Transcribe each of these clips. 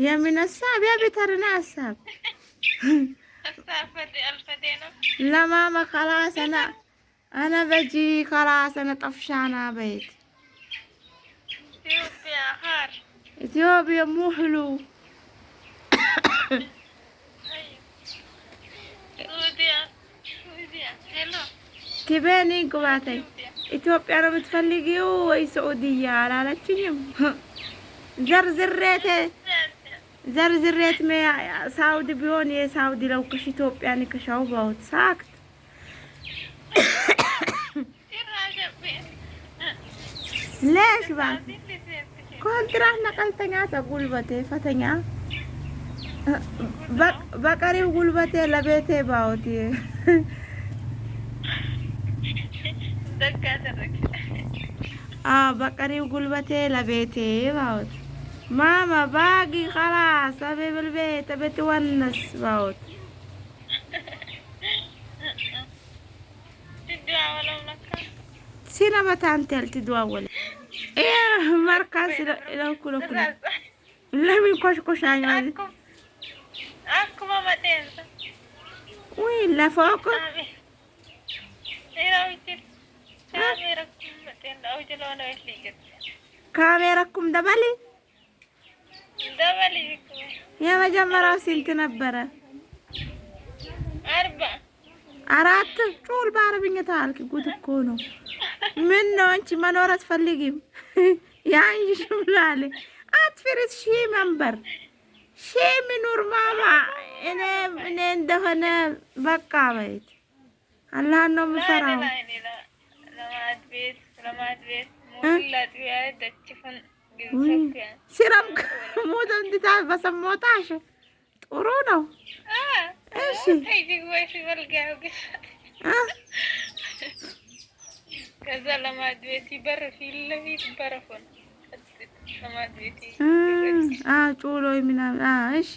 يا من الصعب يا بترنا الصعب لا ماما خلاص انا انا بجي خلاص انا طفشانة بيت اثيوبيا حار مو حلو تباني قبعتي إثيوبيا أنا بتفلقي وي سعودية على لا زر زرزريتي ዘርዝሬት ሳውዲ ቢሆን የሳውዲ ለውክሽ ኢትዮጵያ ንክሻው ባውት ሳክት ሌሽ ባ ኮንትራት ነቀልተኛ ተጉልበቴ ፈተኛ በቀሪው ጉልበቴ ለቤቴ ባውት በቀሪው ጉልበቴ ለቤቴ ባውት ماما باقي خلاص ابي بالبيت ابي تونس موت سينا بتانتل تدوول ايه مركز لو كله كله لا من كوش كوش عين اكو ماما تنسى وين لا فوق أه؟ كاميراكم دبلي የመጀመሪያው ስንት ነበረ? አራት ጩል በአረብኛ ታልክ ጉድ እኮ ነው። ምን ነው አንቺ መኖር አትፈልጊም? ያንሽ ብላለ አትፍሪት ሺ መንበር ሺ ምኑር ማማ እኔ እኔ እንደሆነ በቃ በይት አላህ ነው የምፈራው ለማድቤት ለማድቤት ሙላጥ ያደችፈን ሲረም ሙዝ እንዲታ በሰሞታሽ ጥሩ ነው። እሺ ከዛ ለማድ በር ፊት ለፊት በረፎን ጩሎ ምናምን እሺ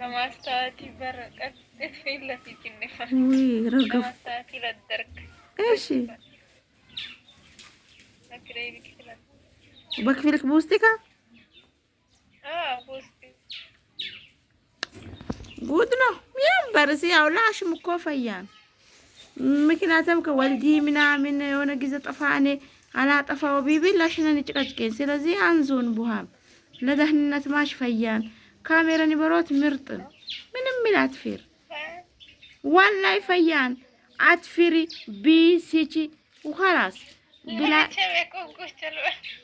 ለማስታወት በር ቀጥታ ፊት እሺ وبكفي لك بوستك اه بودنا ميام برسي او لاش مكوفيان يعني. مكنا تمك والدي منا من وانا جزا طفاني على طفا وبيبي لاشنا نتقشكين سلازي انزون بوهام لدهن نتماش فيان كاميرا نبروت مرطن من امي فير والله فيان اتفيري بي سيتي وخلاص بلا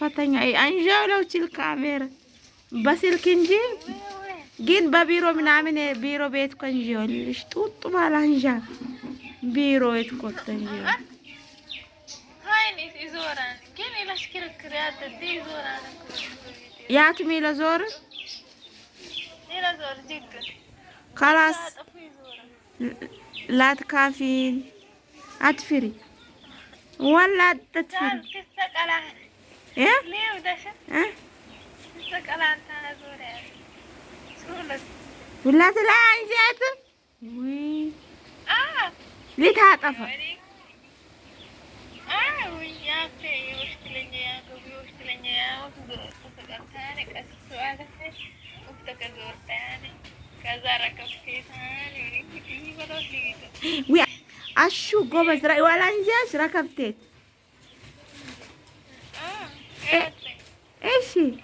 ፈተኛ አንዣውለውች ካሜራ በስልክ እንጂ ግን በቢሮ ምናምን ቢሮ ቤት እኮ እንዥልሽ ጡጡ ባለ አንዣ ቢሮ ቤት እኮ ያትም ለዞር ከላስ ላትካፊን አትፍሪ ወላ ሁላ ስለ አንሸት ልታጠፋ ዊ acho que mas eu tá eh, olha a gente acha que é tete é esse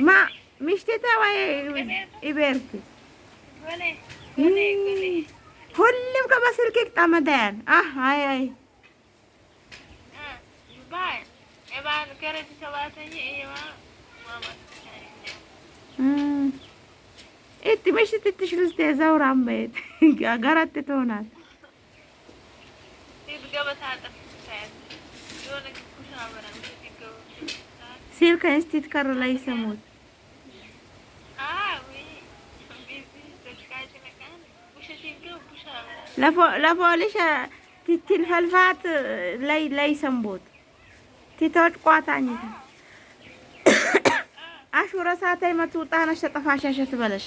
mas miste tá vai iberte vale vale vale olha o que vai ser que está madern ah ai ai ah, vai vai quero te chamar assim e eu ah. ትንሽ ትትሽ ልስቴ ዘውራ መሄድ አጋራት ትሆናል። ስልክ እንስቲት ከር ላይ ሰሙት ለፖሊሽ ትትል ፈልፋት ላይ ላይ ሰምቦት ቲቶች ቋታኝ አሹረ ሳታይ መቱ ጣነሽ ተጠፋሻሸት በለሽ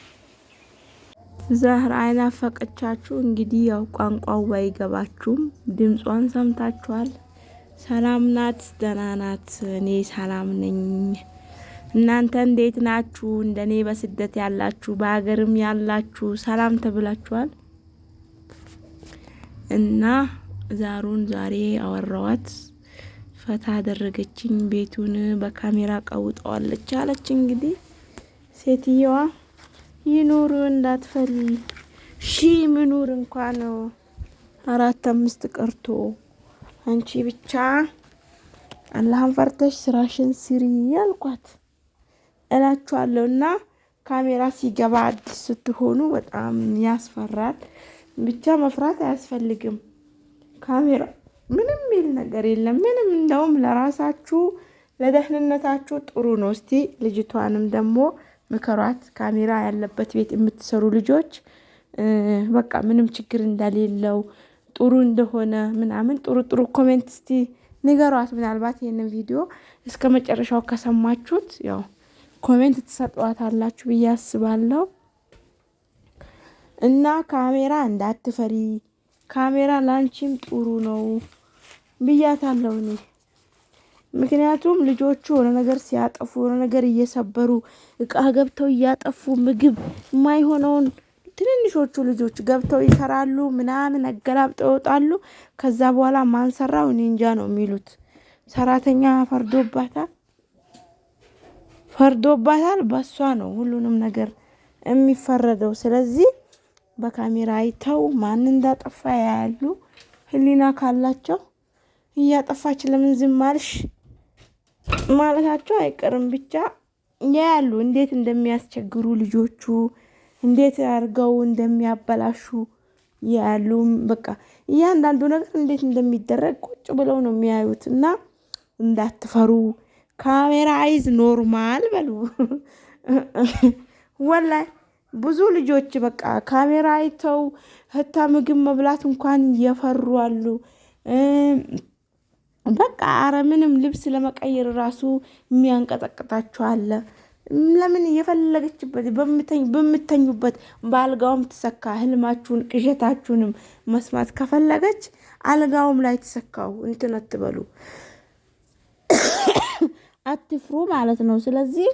ዛህር አይናፈቀቻችሁ እንግዲህ ያው ቋንቋው ባይገባችሁም ድምጿን ሰምታችኋል። ሰላም ናት፣ ደህና ናት። እኔ ሰላም ነኝ። እናንተ እንዴት ናችሁ? እንደኔ በስደት ያላችሁ በሀገርም ያላችሁ ሰላም ተብላችኋል። እና ዛሩን ዛሬ አወራዋት ፈታ አደረገችኝ። ቤቱን በካሜራ ቀውጠዋለች አለች። እንግዲህ ሴትየዋ ይኑሩ እንዳትፈሪ ሺ ምኑር እንኳን አራት አምስት ቀርቶ አንቺ ብቻ አላህን ፈርተሽ ስራሽን ስሪ ያልኳት እላችኋለሁ። እና ካሜራ ሲገባ አዲስ ስትሆኑ በጣም ያስፈራል። ብቻ መፍራት አያስፈልግም። ካሜራ ምንም የሚል ነገር የለም። ምንም እንደውም ለራሳችሁ ለደህንነታችሁ ጥሩ ነው። እስቲ ልጅቷንም ደግሞ ምከሯት። ካሜራ ያለበት ቤት የምትሰሩ ልጆች በቃ ምንም ችግር እንደሌለው ጥሩ እንደሆነ ምናምን ጥሩ ጥሩ ኮሜንት እስቲ ንገሯት። ምናልባት ይህንን ቪዲዮ እስከ መጨረሻው ከሰማችሁት ያው ኮሜንት አላችሁ ብዬ አስባለሁ። እና ካሜራ እንዳትፈሪ፣ ካሜራ ላንቺም ጥሩ ነው ብያታለሁ እኔ ምክንያቱም ልጆቹ የሆነ ነገር ሲያጠፉ የሆነ ነገር እየሰበሩ እቃ ገብተው እያጠፉ ምግብ የማይሆነውን ትንንሾቹ ልጆች ገብተው ይሰራሉ፣ ምናምን አገላብጠው ይወጣሉ። ከዛ በኋላ ማን ሰራው ነው የሚሉት። ሰራተኛ ፈርዶባታል ፈርዶባታል። በሷ ነው ሁሉንም ነገር የሚፈረደው። ስለዚህ በካሜራ አይተው ማን እንዳጠፋ ያያሉ። ህሊና ካላቸው እያጠፋች ለምን ዝም አልሽ? ማለታቸው አይቀርም። ብቻ ያያሉ እንዴት እንደሚያስቸግሩ ልጆቹ እንዴት አድርገው እንደሚያበላሹ ያሉ በቃ እያንዳንዱ ነገር እንዴት እንደሚደረግ ቁጭ ብለው ነው የሚያዩት። እና እንዳትፈሩ፣ ካሜራ አይዝ ኖርማል በሉ። ወላይ ብዙ ልጆች በቃ ካሜራ አይተው ህታ ምግብ መብላት እንኳን እየፈሩ አሉ። በቃ አረ ምንም ልብስ ለመቀየር ራሱ የሚያንቀጠቅጣችሁ አለ። ለምን እየፈለገችበት በምተኙበት በአልጋውም ትሰካ። ህልማችሁን ቅዠታችሁንም መስማት ከፈለገች አልጋውም ላይ ትሰካው። እንትን አትበሉ፣ አትፍሩ ማለት ነው። ስለዚህ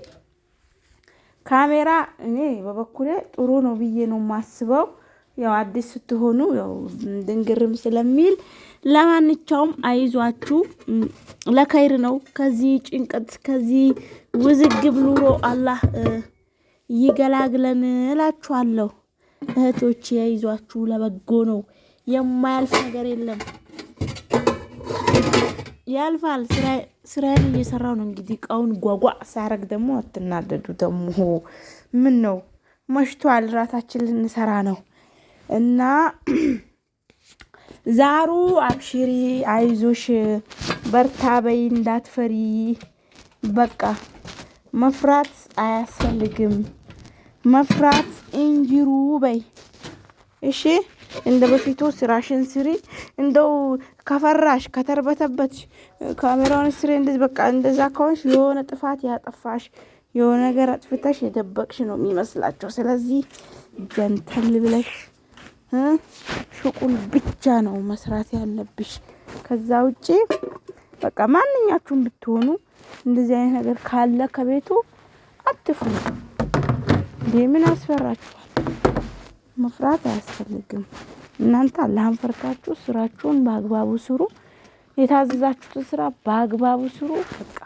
ካሜራ እኔ በበኩሌ ጥሩ ነው ብዬ ነው የማስበው። ያው አዲስ ስትሆኑ ያው ድንግርም ስለሚል ለማንኛውም አይዟችሁ፣ ለከይር ነው። ከዚህ ጭንቀት ከዚህ ውዝግብ ኑሮ አላህ ይገላግለን እላችኋለሁ። እህቶች ያይዟችሁ፣ ለበጎ ነው። የማያልፍ ነገር የለም፣ ያልፋል። ስራዬን እየሰራው ነው። እንግዲህ እቃውን ጓጓ ሳያረግ ደግሞ አትናደዱ። ደግሞ ምን ነው መሽቷል፣ ራታችን ልንሰራ ነው። እና ዛሩ አብሽሪ፣ አይዞሽ፣ በርታ በይ፣ እንዳትፈሪ። በቃ መፍራት አያስፈልግም። መፍራት እንጅሩ በይ። እሺ እንደ በፊቱ ስራሽን ስሪ። እንደው ከፈራሽ ከተርበተበት ካሜራውን ስሪ። እንደዚህ በቃ እንደዛ ከሆንሽ የሆነ ጥፋት ያጠፋሽ የሆነ ነገር አጥፍተሽ የደበቅሽ ነው የሚመስላቸው። ስለዚህ ጀንተል ብለሽ ሽቁል ብቻ ነው መስራት ያለብሽ። ከዛ ውጪ በቃ ማንኛችሁም ብትሆኑ እንደዚህ አይነት ነገር ካለ ከቤቱ አትፍሩ። እንዲህ ምን ያስፈራችኋል? መፍራት አያስፈልግም። እናንተ አላህን ፈርታችሁ ስራችሁን በአግባቡ ስሩ። የታዘዛችሁትን ስራ በአግባቡ ስሩ። በቃ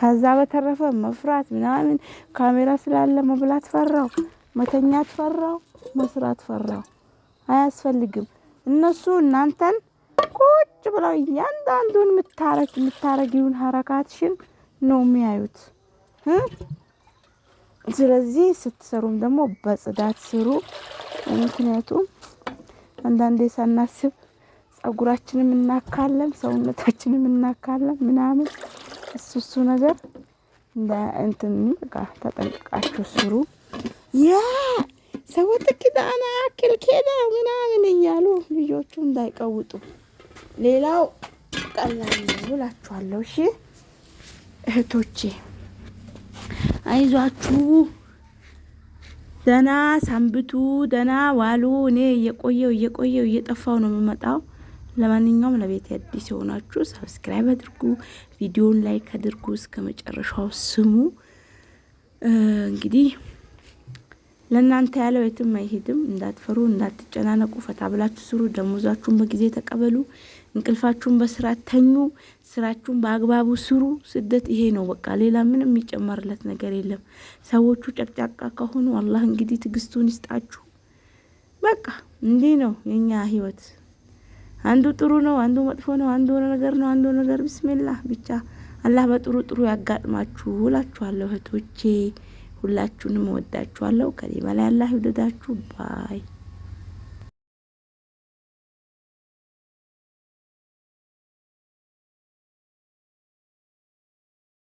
ከዛ በተረፈ መፍራት ምናምን ካሜራ ስላለ መብላት ፈራው፣ መተኛት ፈራው፣ መስራት ፈራው። አያስፈልግም። እነሱ እናንተን ቁጭ ብለው እያንዳንዱን ምታረግ የምታረጊውን ሀረካትሽን ነው የሚያዩት። ስለዚህ ስትሰሩም ደግሞ በጽዳት ስሩ። ምክንያቱም አንዳንዴ ሳናስብ ጸጉራችንም እናካለን፣ ሰውነታችንም እናካለን ምናምን እሱ እሱ ነገር እንትን በቃ ተጠንቅቃችሁ ስሩ። ሰውት ኪዳና አክል ኬዳ ምናምን እያሉ ልጆቹ እንዳይቀውጡ። ሌላው ቀላል ብላችኋለሁ። እሺ እህቶቼ አይዟችሁ፣ ደና ሳንብቱ፣ ደና ዋሉ። እኔ እየቆየው እየቆየው እየጠፋው ነው የምመጣው። ለማንኛውም ለቤት አዲስ የሆናችሁ ሰብስክራይብ አድርጉ፣ ቪዲዮን ላይክ አድርጉ፣ እስከ መጨረሻው ስሙ። እንግዲህ ለእናንተ ያለው የትም አይሄድም። እንዳትፈሩ፣ እንዳትጨናነቁ፣ ፈታ ብላችሁ ስሩ። ደሞዛችሁን በጊዜ ተቀበሉ። እንቅልፋችሁን በስርዓት ተኙ። ስራችሁን በአግባቡ ስሩ። ስደት ይሄ ነው በቃ። ሌላ ምንም የሚጨመርለት ነገር የለም። ሰዎቹ ጨቅጫቃ ከሆኑ አላህ እንግዲህ ትዕግስቱን ይስጣችሁ። በቃ እንዲህ ነው የኛ ህይወት። አንዱ ጥሩ ነው፣ አንዱ መጥፎ ነው፣ አንዱ ነገር ነው፣ አንዱ ነገር ብስሚላህ ብቻ አላህ በጥሩ ጥሩ ያጋጥማችሁ እላችኋለሁ እህቶቼ። ሁላችሁንም እወዳችኋለሁ። ከዚህ በላይ አላህ ይውደዳችሁ ባይ